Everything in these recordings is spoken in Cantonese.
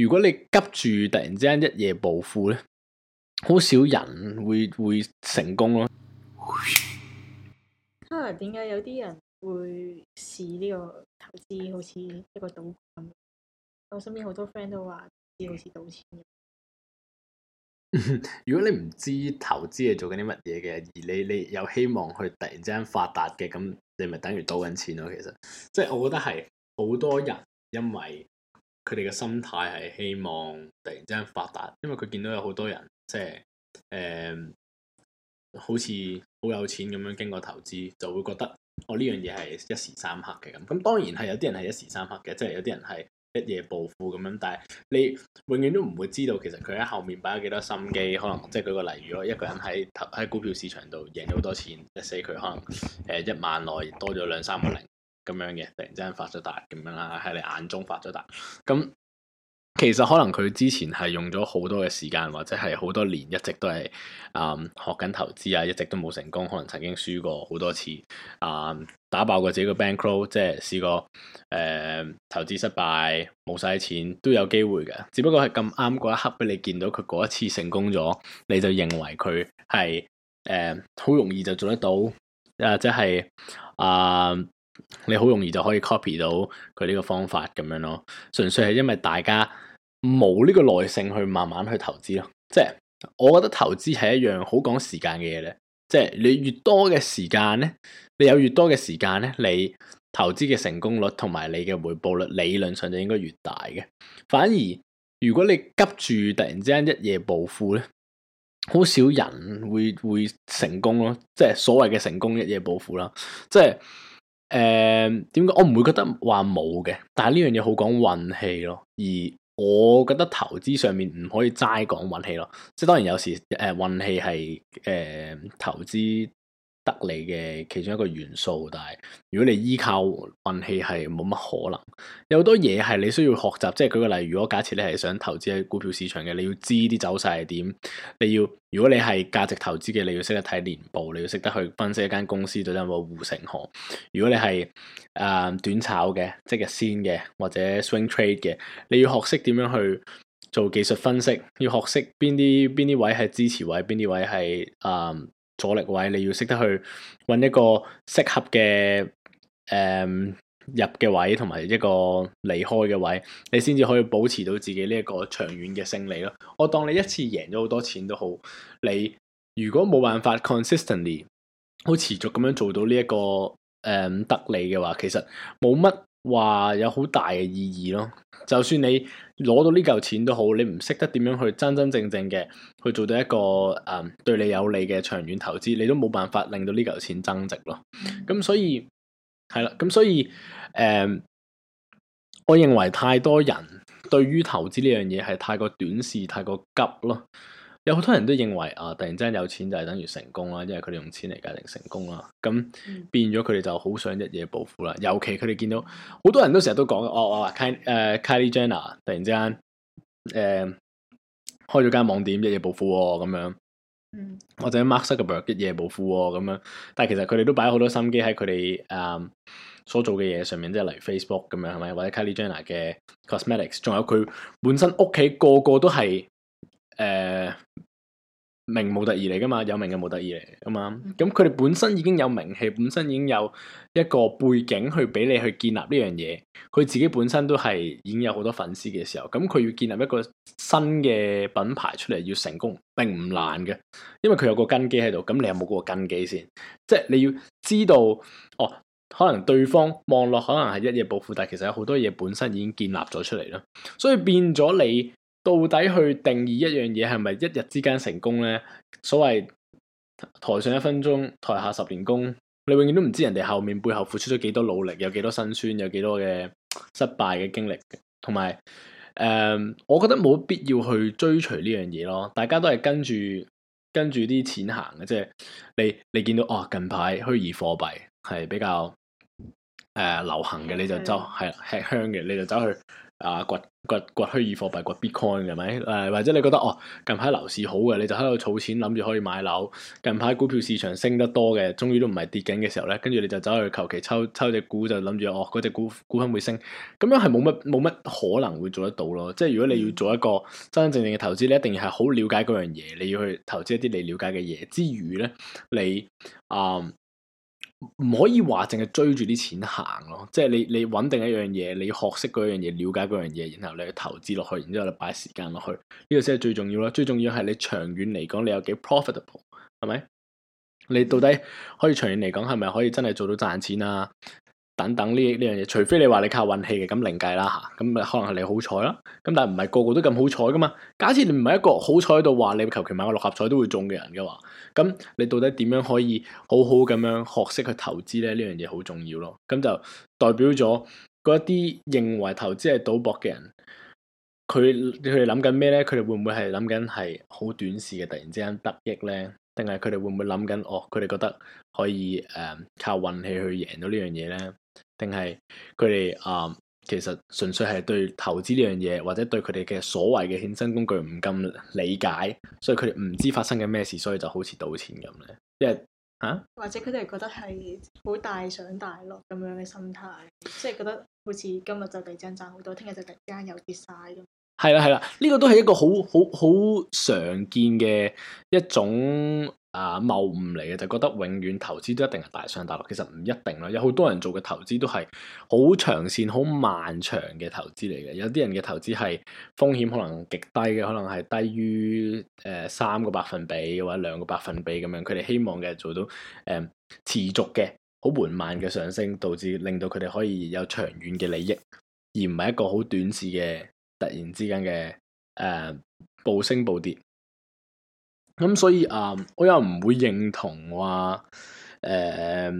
如果你急住突然之間一夜暴富咧，好少人會會成功咯。嚇，點解有啲人會試呢個投資好似一個賭咁？我身邊好多 friend 都話似好似賭錢。如果你唔知投資係做緊啲乜嘢嘅，而你你有希望去突然之間發達嘅咁，你咪等於賭緊錢咯。其實即係我覺得係好多人因為。佢哋嘅心態係希望突然之間發達，因為佢見到有好多人即係誒好似好有錢咁樣經過投資就會覺得我呢樣嘢係一時三刻嘅咁。咁當然係有啲人係一時三刻嘅，即係有啲人係一夜暴富咁樣。但係你永遠都唔會知道其實佢喺後面擺咗幾多心機。可能即係舉個例語咯，一個人喺投喺股票市場度贏咗好多錢，即係死佢可能誒一萬內多咗兩三個零。咁樣嘅，突然之間發咗達咁樣啦，喺你眼中發咗達。咁其實可能佢之前係用咗好多嘅時間，或者係好多年一，嗯，一直都係啊學緊投資啊，一直都冇成功，可能曾經輸過好多次啊，嗯，打爆過自己個 bankroll，即係試過誒、呃、投資失敗冇晒錢都有機會嘅。只不過係咁啱嗰一刻俾你見到佢嗰一次成功咗，你就認為佢係誒好容易就做得到，或者係啊。你好容易就可以 copy 到佢呢個方法咁樣咯，純粹係因為大家冇呢個耐性去慢慢去投資咯。即係我覺得投資係一樣好講時間嘅嘢咧，即係你越多嘅時間咧，你有越多嘅時間咧，你投資嘅成功率同埋你嘅回報率理論上就應該越大嘅。反而如果你急住突然之間一夜暴富咧，好少人會會成功咯。即係所謂嘅成功一夜暴富啦，即係。誒，點講 uh？我唔會覺得話冇嘅，但係呢樣嘢好講運氣咯。而我覺得投資上面唔可以齋講運氣咯，即係當然有時誒運氣係誒、呃、投資。得你嘅其中一個元素，但係如果你依靠運氣係冇乜可能。有好多嘢係你需要學習，即係舉個例，如果假設你係想投資喺股票市場嘅，你要知啲走勢係點。你要，如果你係價值投資嘅，你要識得睇年報，你要識得去分析一間公司到底有冇護城河。如果你係誒、呃、短炒嘅，即係先嘅或者 swing trade 嘅，你要學識點樣去做技術分析，要學識邊啲邊啲位係支持位，邊啲位係誒。呃阻力位你要識得去搵一個適合嘅誒、嗯、入嘅位，同埋一個離開嘅位，你先至可以保持到自己呢一個長遠嘅勝利咯。我當你一次贏咗好多錢都好，你如果冇辦法 consistently 好持續咁樣做到呢、這、一個誒、嗯、得利嘅話，其實冇乜。話有好大嘅意義咯，就算你攞到呢嚿錢都好，你唔識得點樣去真真正正嘅去做到一個誒、嗯、對你有利嘅長遠投資，你都冇辦法令到呢嚿錢增值咯。咁所以係啦，咁所以誒、嗯，我認為太多人對於投資呢樣嘢係太過短視、太過急咯。有好多人都認為啊，突然之間有錢就係等於成功啦，因為佢哋用錢嚟界定成功啦。咁變咗佢哋就好想一夜暴富啦。尤其佢哋見到好多人都成日都講，哦、啊、哦，Car、啊、誒 Kylie Jenner 突然之間誒、啊、開咗間網店，一夜暴富喎、哦、咁樣，嗯、或者 Mark Zuckerberg 一夜暴富喎、哦、咁樣。但係其實佢哋都擺好多心機喺佢哋誒所做嘅嘢上面，即係例如 Facebook 咁樣係咪？或者 Kylie Jenner 嘅 cosmetics，仲有佢本身屋企個,個個都係誒。啊名模特兒嚟噶嘛，有名嘅模特兒嚟啊嘛。咁佢哋本身已經有名氣，本身已經有一個背景去俾你去建立呢樣嘢。佢自己本身都係已經有好多粉絲嘅時候，咁佢要建立一個新嘅品牌出嚟要成功，並唔難嘅，因為佢有個根基喺度。咁你有冇嗰個根基先？即係你要知道，哦，可能對方望落可能係一夜暴富，但係其實有好多嘢本身已經建立咗出嚟啦。所以變咗你。到底去定義一樣嘢，係咪一日之間成功呢？所謂台上一分鐘，台下十年功。你永遠都唔知人哋後面背後付出咗幾多努力，有幾多辛酸，有幾多嘅失敗嘅經歷。同埋，誒、嗯，我覺得冇必要去追隨呢樣嘢咯。大家都係跟住跟住啲錢行嘅，即係你你見到哦，近排虛擬貨幣係比較誒、呃、流行嘅，Okay. 你就走係啦，吃香嘅，你就走去。啊，掘掘掘虛擬貨幣，掘 Bitcoin 係咪？誒、啊，或者你覺得哦，近排樓市好嘅，你就喺度儲錢諗住可以買樓。近排股票市場升得多嘅，終於都唔係跌緊嘅時候咧，跟住你就走去求其抽抽隻股，就諗住哦，嗰隻股股份會升。咁樣係冇乜冇乜可能會做得到咯。即係如果你要做一個真真正正嘅投資，你一定要係好了解嗰樣嘢，你要去投資一啲你了解嘅嘢之餘咧，你啊。嗯唔可以話淨係追住啲錢行咯，即係你你搵定一樣嘢，你學識嗰樣嘢，了解嗰樣嘢，然後你去投資落去，然之後你擺時間落去，呢個先係最重要啦。最重要係你長遠嚟講，你有幾 profitable 係咪？你到底可以長遠嚟講，係咪可以真係做到賺錢啊？等等呢呢樣嘢，除非你話你靠運氣嘅，咁另計啦吓，咁咪可能係你好彩咯。咁但係唔係個個都咁好彩㗎嘛？假設你唔係一個好彩到話你求其買個六合彩都會中嘅人嘅話，咁你到底點樣可以好好咁樣學識去投資咧？呢樣嘢好重要咯。咁就代表咗嗰一啲認為投資係賭博嘅人，佢佢哋諗緊咩咧？佢哋會唔會係諗緊係好短視嘅突然之間得益咧？定係佢哋會唔會諗緊哦？佢哋覺得可以誒、呃、靠運氣去贏到呢樣嘢咧？定係佢哋啊，其實純粹係對投資呢樣嘢，或者對佢哋嘅所謂嘅衍生工具唔咁理解，所以佢哋唔知發生緊咩事，所以就好似賭錢咁咧。即係嚇，啊、或者佢哋覺得係好大上大落咁樣嘅心態，即、就、係、是、覺得好似今日就，就突然間賺好多，聽日就突然間有啲嘥咁。係啦，係啦，呢個都係一個好好好常見嘅一種啊謬誤嚟嘅，就覺得永遠投資都一定係大上大落，其實唔一定啦。有好多人做嘅投資都係好長線、好漫長嘅投資嚟嘅。有啲人嘅投資係風險可能極低嘅，可能係低於誒三個百分比或者兩個百分比咁樣。佢哋希望嘅做到誒、呃、持續嘅好緩慢嘅上升，導致令到佢哋可以有長遠嘅利益，而唔係一個好短視嘅。突然之間嘅誒、呃，暴升暴跌，咁所以啊、呃，我又唔會認同話誒、呃，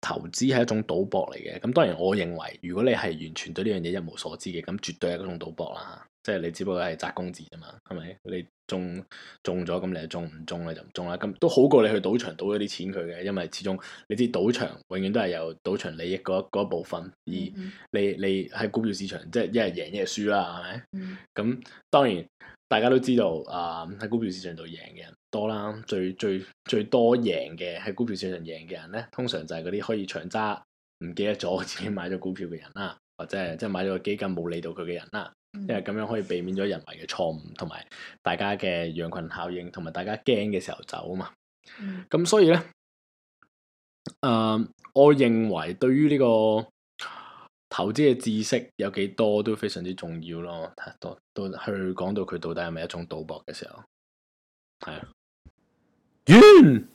投資係一種賭博嚟嘅。咁當然，我認為如果你係完全對呢樣嘢一無所知嘅，咁絕對係一種賭博啦。即係你只不過係揸公子啫嘛，係咪？你中中咗，咁你就中；唔中，你就唔中啦。咁都好過你去賭場賭咗啲錢佢嘅，因為始終你知賭場永遠都係有賭場利益嗰一部分，而你你喺股票市場即係一係贏一係輸啦，係咪？咁、嗯、當然大家都知道啊，喺、呃、股票市場度贏嘅人多啦，最最最多贏嘅喺股票市場贏嘅人咧，通常就係嗰啲可以長揸唔記得咗自己買咗股票嘅人啦，或者係即係買咗個基金冇理到佢嘅人啦。因為咁樣可以避免咗人為嘅錯誤，同埋大家嘅羊群效應，同埋大家驚嘅時候走啊嘛。咁、嗯、所以咧，誒、呃，我認為對於呢個投資嘅知識有幾多都非常之重要咯。到，到去講到佢到,到,到,到底係咪一種賭博嘅時候，係啊。